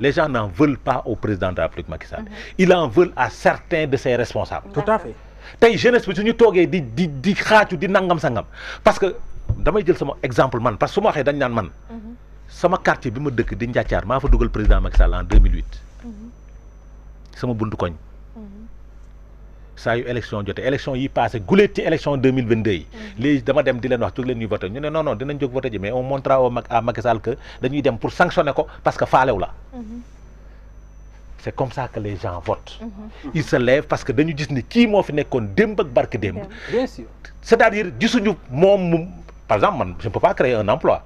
Les gens n'en veulent pas au président de la République Macky Sall. Mhm. Ils en veulent à certains de ses responsables. Tout à fait. Tay jeunesse bi su ñu toogee di di di xatu di nangam sangam parce que damay jël sama exemple man parce que su ma dañ man. man. Mhm. sama quartier bi ma dëkk di Ndiatiar maa fa le président Macky Sall en 2008. Mhm. sama buntu koñ saa y élection jotee élection yi passé guleet élection 2022 mm-hmm. Les dama dem di len wax jóg len ñuy voter ñu né non non dinañ jog voter, mais on montrera au à Macky Sall que dañuy dem pour sanctionner ko parce que falew la mm-hmm. c'est comme ça que les gens votent mm-hmm. ils se lèvent parce que dañu gis ni ki moo fi nekkoon démb ak barke demb c'est-à-dire gisuñu mom par exemple man je peux pas créer un emploi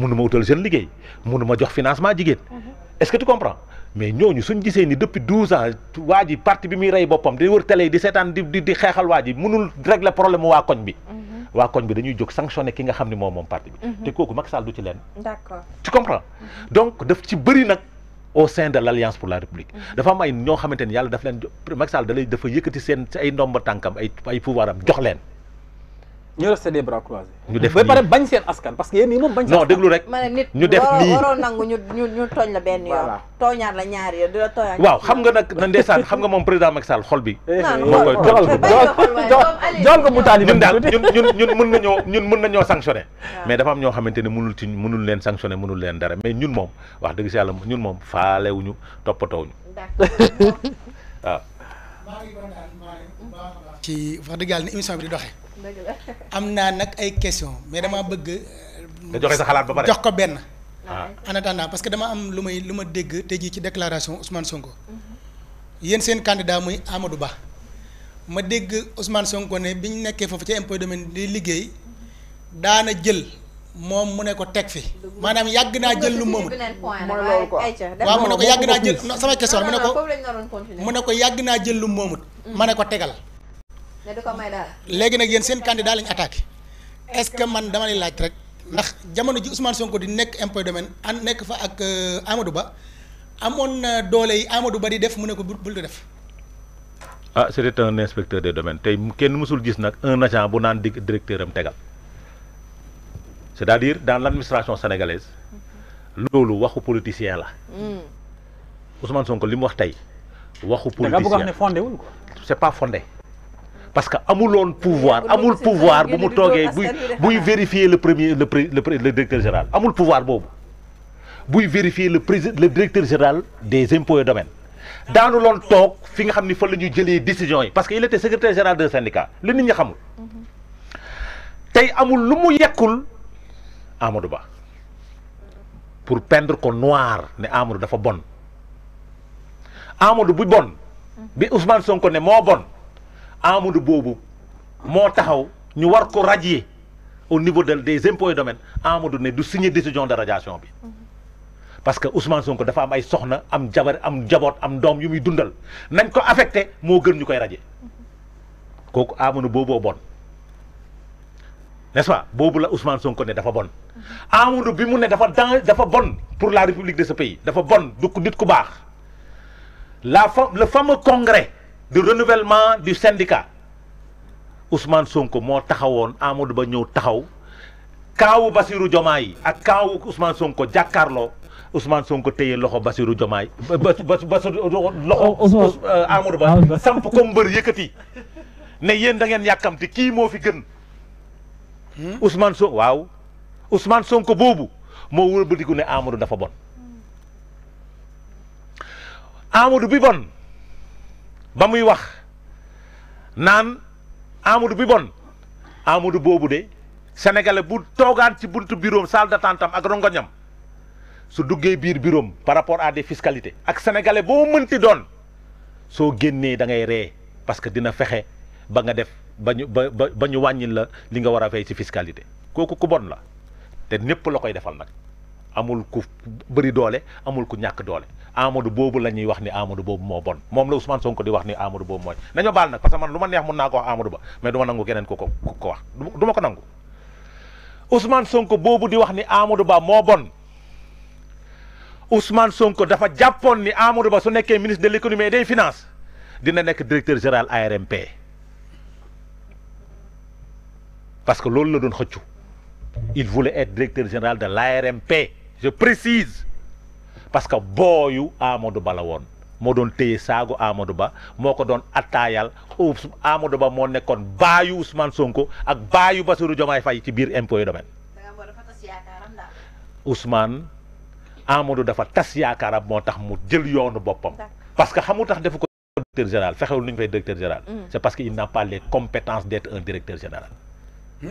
mënuma utal jeune liguey mënuma jox financement jigéen mhm. est-ce que tu comprends mais ñooñu suñu gisé ni depuis 12 ans waa parti bi mi ray bopam di wër télé di sétane di di xéxal waa ji régler problème wa koñ bi mhm. wa koñ bi dañuy jox sanctionné ki nga xamni ne moom parti bi mhm. té koku Macky Sall du ci lène d'accord tu comprends donc daf ci bëri nak au sein de l'alliance pour la république dafa am ay ño xamante yalla daf leen Macky Sall da lay dafa yëkkati seen ay ndomba tankam ay ay pouvoiram jox lène ñu resté des ñu def ba pare bañ seen askan parce que yéen bañ seen déglu rek. ñu def nii waroo nangu ñu ñu ñu tooñ la benn yoon. voilà tooñaat la ñaari yoon di la tooñaat. waaw xam nga nag na ndeysaan xam nga moom président Macky Sall xol bi. moo koy joxal joxal ko ñun daal ñun ñun ñun mën nañoo ñun mën nañoo sanctionné. Ah. mais dafa am ñoo xamante ne mënul ci mënul leen sanctionné mënul leen dara mais ñun moom wax dëgg si yàlla ñun moom faale wuñu toppatoo wuñu waaw ci wax dëgg yàlla ni émission bi di doxe am naa nag ay question mais damaa bëgg. nga joxe sa jox ko benn. Ah. Ah. en attendant parce dama am lu may lu ma dégg te jii ci déclaration Ousmane Sonko. Mhm. yéen seen candidat muy Amadou Ba. ma dégg Ousmane Sonko ne bi ñu nekkee foofu ci impôt domaine di liggéey daana jël moom mu ne ko teg fi maanaam yàgg naa jël lu moomut waaw mu ne ko yàgg naa jël sama question mu ne ko ah, mu ne ko yàgg naa jël lu moomut mm. ma ne ko tegal ne du ko may dara léegi nag yéen seen candidat lañ attaqué est-ce que man dama lay laaj rek ndax jamono ji Ousmane Sonko di nek impôt domaine an nek fa ak euh, Amadou Ba amone doole yi Amadou Ba di def mu ne ko bul def. ah c'était un inspecteur de domaine tay kenn musul gis nak un agent bu nan dig directeur am tegal c'est-à-dire dans l'administration sénégalaise lolu waxu politicien la. Hmm. Ousmane Sonko li wax tay waxu. politicien da nga bëgg wax ne fondé wul ko. c'est pas fondé. parce que amuloon pouvoir amul pouvoir bu mu togué bu buy vérifier le premier le le directeur général amul pouvoir bobu bu vérifier le président le directeur général des impôts et domaines Dans loon toog fi nga xam ni fa la ñuy décision parce que il était secrétaire général de syndicat Le nit ñi xamul tey amul lu mu yekkul Amadou Ba pour peindre ko noir ne Amadou dafa bon Amadou bu bon bi Ousmane Sonko ne moo bon Amadou Bobo mo taxaw ñu war ko radier au niveau des impôts et domaines Amadou ne du signer décision de radiation bi parce que Ousmane Sonko dafa am ay soxna am jabar am jaboot am dom yu muy dundal nañ ko affecté mo gën ñu radier koku Amadou Bobo bon n'est-ce pas bobu la Ousmane Sonko ne dafa bon Amadou bi mu ne dafa dafa bon pour la république de ce pays dafa bon du nit ku baax la fa le fameux congrès du renouvellement du syndicat Ousmane Sonko moo taxawoon Amadou Ba ñëw taxaw kaawu Basirou Diomaye ak kaawu Ousmane Sonko jàkkaarloo Ousmane Sonko téye loxo Basirou Diomaye ba ba ba loxo euh, Amadou Ba samp ko mbër yëkkati ne yéen da ngeen yàkkamti kii moo fi gën hmm? Ousmane Sonko waaw Ousmane Sonko boobu moo wëlbatiku ne Amadou dafa bon Amadou bi bon ba muy wax naan Amadou bi bon Amadou boobu de senegale bu toogaan ci bunt bureau salle d'attente am ak rongoñam su duggee biir bureau par rapport à des ak sénégalais boo mënti doon soo génnee da ngay ree parce que dina fexe ba nga def ba ñu ba ba ñu wàññil la li nga war a fay ci fiscalité kooku ku bon la te ñépp la koy defal nag amul ku bëri doole amul ku ñàkk doole Amadou boobu la ñuy wax ni Amadou boobu moo bon moom la Ousmane Sonko di wax ni Amadou boobu mooy nañu baal nag parce que man lu ma neex mun naa ko wax Amadou Ba mais du nangu keneen ko ko ko wax du ma ko nangu Ousmane Sonko boobu di wax ni Amadou Ba moo bon Ousmane Sonko dafa jàppoon ni Amadou Ba su nekkee ministre de l'économie et des finances dina nekk directeur général ARMP parce que loolu la doon xëccu il voulait être directeur général de l'ARMP je précise parce que booyu Amadou Ba la woon moo doon téye saagu Amadou Ba moo ko doon attaayal Amadou Ba moo nekkoon baayu Ousmane Sonko ak baayu Bassirou Diomaye fay ci biir impôt domaine Ousmane Amadou dafa tas yaakaaram moo tax mu jël yoonu boppam parce que xamu tax defu ko directeur général fexewul nu ñu fay directeur général mm. c'est parce que il n'a pas les compétences un directeur général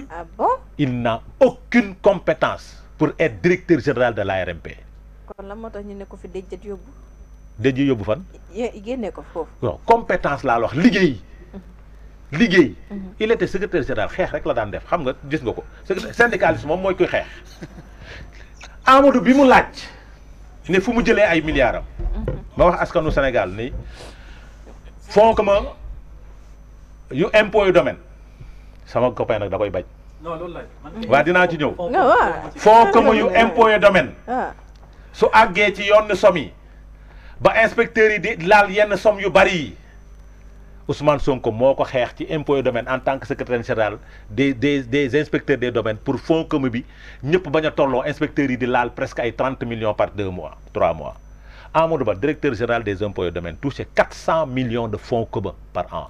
ah il n'a aucune compétence pour être directeur général de la l'ARMP. kon lan moo tax ñu ne ko fi déjjët yóbbu. déjjët yóbbu fan. génne ko foofu. non compétence laa wax liggéey. Mhm. liggéey. Mhm. il était secrétaire général xeex rek la daan def xam nga gis nga ko syndicaliste moom mooy koy xeex. Amadou bi mu laaj. ne fu mu jëlee ay milliards mhm. ma wax askanu Sénégal ni fonk ma yu impôt yu domaine sama copain nag da koy bañ. Non, non, ci fonds commun yu impôt et domaine ah. su vous ci des somme yi ba inspecteurs yi di yu bari Ousmane Sonko moi, je ci domaine en tant que secrétaire général des des inspecteurs des domaines pour fonds comme bi Nous avons a inspecteur inspecteurs de di presque 30 millions par deux mois trois mois Amadou Ba directeur général des impôts et domaines touche 400 millions de fonds communs par an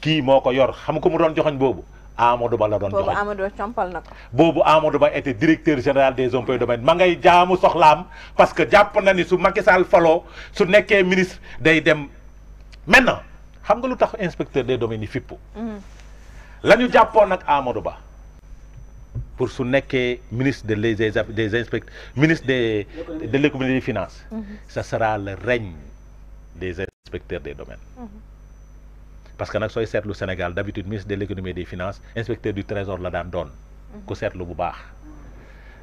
kii moo ko yor xam ko mu doon joxoñ boobu Amadou Ba la doon joxoñ boobu Amadou Ba compal na ko boobu Amadou Ba était directeur général des impôts et domaines ma ngay jaamu soxlaam parce que jàpp na ni su Macky Sall faloo su nekkee ministre day dem maintenant xam nga lu tax inspecteur des domaines yi mhm. la ñu jàppoon nag Amadou Ba pour su nekkee ministre de les des inspecteurs ministre des de l'économie des finances ce mhm. sera le règne des inspecteurs des domaines mhm. parce que nak soy Sénégal d'habitude ministre de l'économie et des finances inspecteur du trésor la dan donne ko setlu bu baax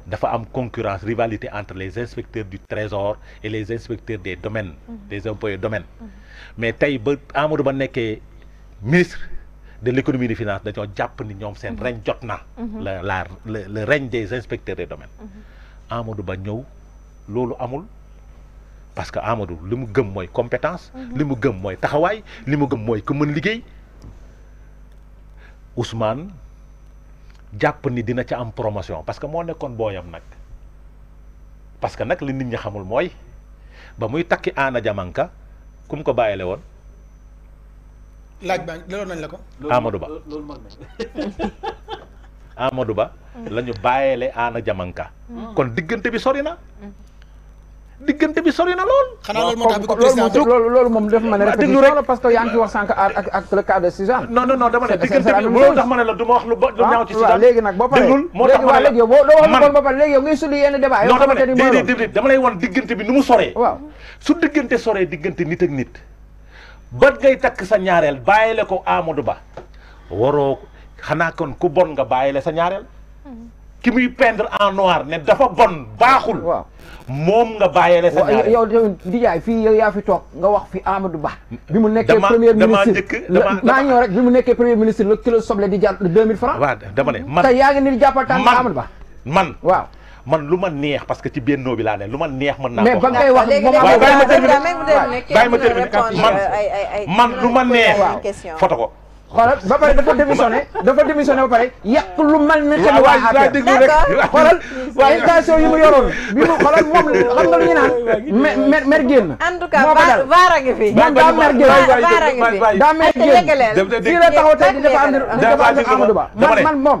dafa am concurrence rivalité entre les inspecteurs du trésor et les inspecteurs des domaines mhm. des employés domaines mhm. mais tay ba Amadou Ba ministre de l'économie et des finances dañu japp ni mhm. règne le règne des inspecteurs des domaines Amadou Ba ñëw lolu amul parce que amadou limu gëm moy compétence limu gëm moy taxaway limu gëm moy ku mën liggéey ousmane japp ni dina ci am promotion parce que mo nekkon boyam nak parce que nak li nit ñi xamul moy ba muy takki ana jamanka kum ko bayele won laaj baa loolu nañ la ko amadou ba amadou ba lañu bayele ana jamanka hmm. kon digënté bi sori na hmm. diggante bi sori na lool. xanaa loolu moo moom def ma ne répétition la parce que yaa ngi wax sànq ak ak le cas de Suzanne. non non dama ne diggante bi ma la du ma wax lu ah, ñaaw ci Suzanne léegi nag boo paree moo tax ne la léegi diggante mu soree waaw su diggante soree diggante nit ak nit ba ngay takk sa ñaareel bàyyile ko Amadou Ba waroo xanaa kon ku bon nga bàyyile sa ñaareel mm-hmm. ki muy peindre en noir ne dafa bon baaxul. moom nga bàyyeele sa ñaar yow tamit di jaay fii yaa fi toog nga wax fi Amadou Ba. bi mu nekkee premier ministre dama bi mu nekkee premier ministre le kilo soble di jar 2000 francs waaw dama ne man tey yaa ngi ni jàppal tànn man man lu ma neex parce que ci bennoo bi laa ne lu ma neex mën naa ko mais ba ngay wax moom waaw bàyyi man euh, man lu ma neex foto ko xoolal ba pare dafa démissionné ba pare yàq lu mal ni xel waa affaire xoolal waaye station yi mu bi mu xoolal moom xam nga lu ñu naan mer mer génn en tout cas vaara ngi fi moom daa mer génn daa mer génn fii la taxaw tey di dafa ànd dafa ànd Amadou Ba man man moom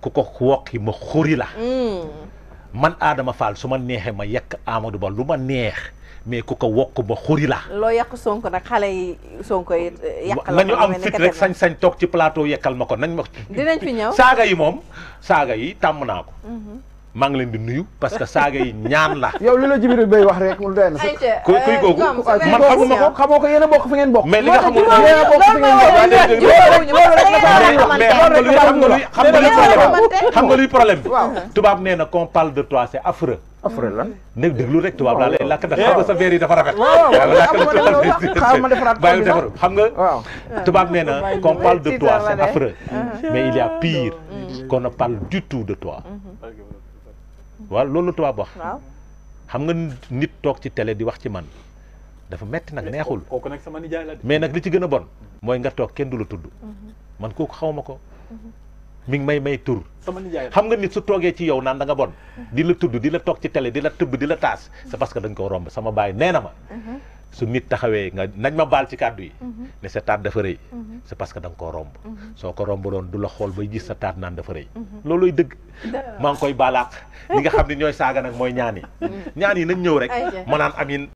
ku ko wokki ma xuri la mm. man aadama Fall su ma neexee ma yekk Amadou Ba lu ma neex mais ku ko wokk ba xuri la loo yàq sonk nag xale yi sonk yi eh, nañu am fit rek sañ-sañ toog ci plateau yekkal ma ko nañ ma dinañ fi ñëw saaga yi moom saaga yi tàmm naa ko mm-hmm. maa ngi leen di nuyu parce que saaga yi ñaan la. yow li la Jibril Bay wax rek mu doy na. kuy kuy euh, kooku man xamuma ko xamoo ko yéen a bokk fi ngeen bokk. mais li nga xamul a xam nga luy xam problème xam nga luy problème tubaab nee na qu'on de toi c'est affreux. lan nekk déglu rek tubaab laa lay lakk ndax xam nga sa verre yi dafa rafet. waaw lakk la tubaab bàyyi xam nga. tubaab nee na qu'on parle de toi c'est affreux mais il y a pire mm-hmm. qu'on ne du tout de toi mm-hmm. waaw loolu la tubaab wax. xam nga nit toog ci tele di wax ci man dafa metti nag neexul. kooku nag sama nijaay la mais nag li ci gën a bon. mooy nga toog kenn du la tudd. Mhm. man kooku xaw ma ko. Mhm. mi ngi may may tur. sama nijaay xam nga nit su toogee ci yow naan da nga bon. di la tudd di la toog ci télé di la tëbb di la taas. c'est parce que dañ ko romb sama baay nee na ma. Mhm. su nit taxawee nga nañ ma baal ci kàddu yi. Mhm. ne sa taat dafa rëy. Mhm. c'est parce que da koo romb. Mhm. soo ko romb doon du la xool bay gis sa taat naan dafa rëy. loolooy dëgg. maa ngi koy baalaaq ñi nga xam ne ñooy saaga nag mooy ñaan yi. ñaan yi nañ ñëw rek. ma naan amin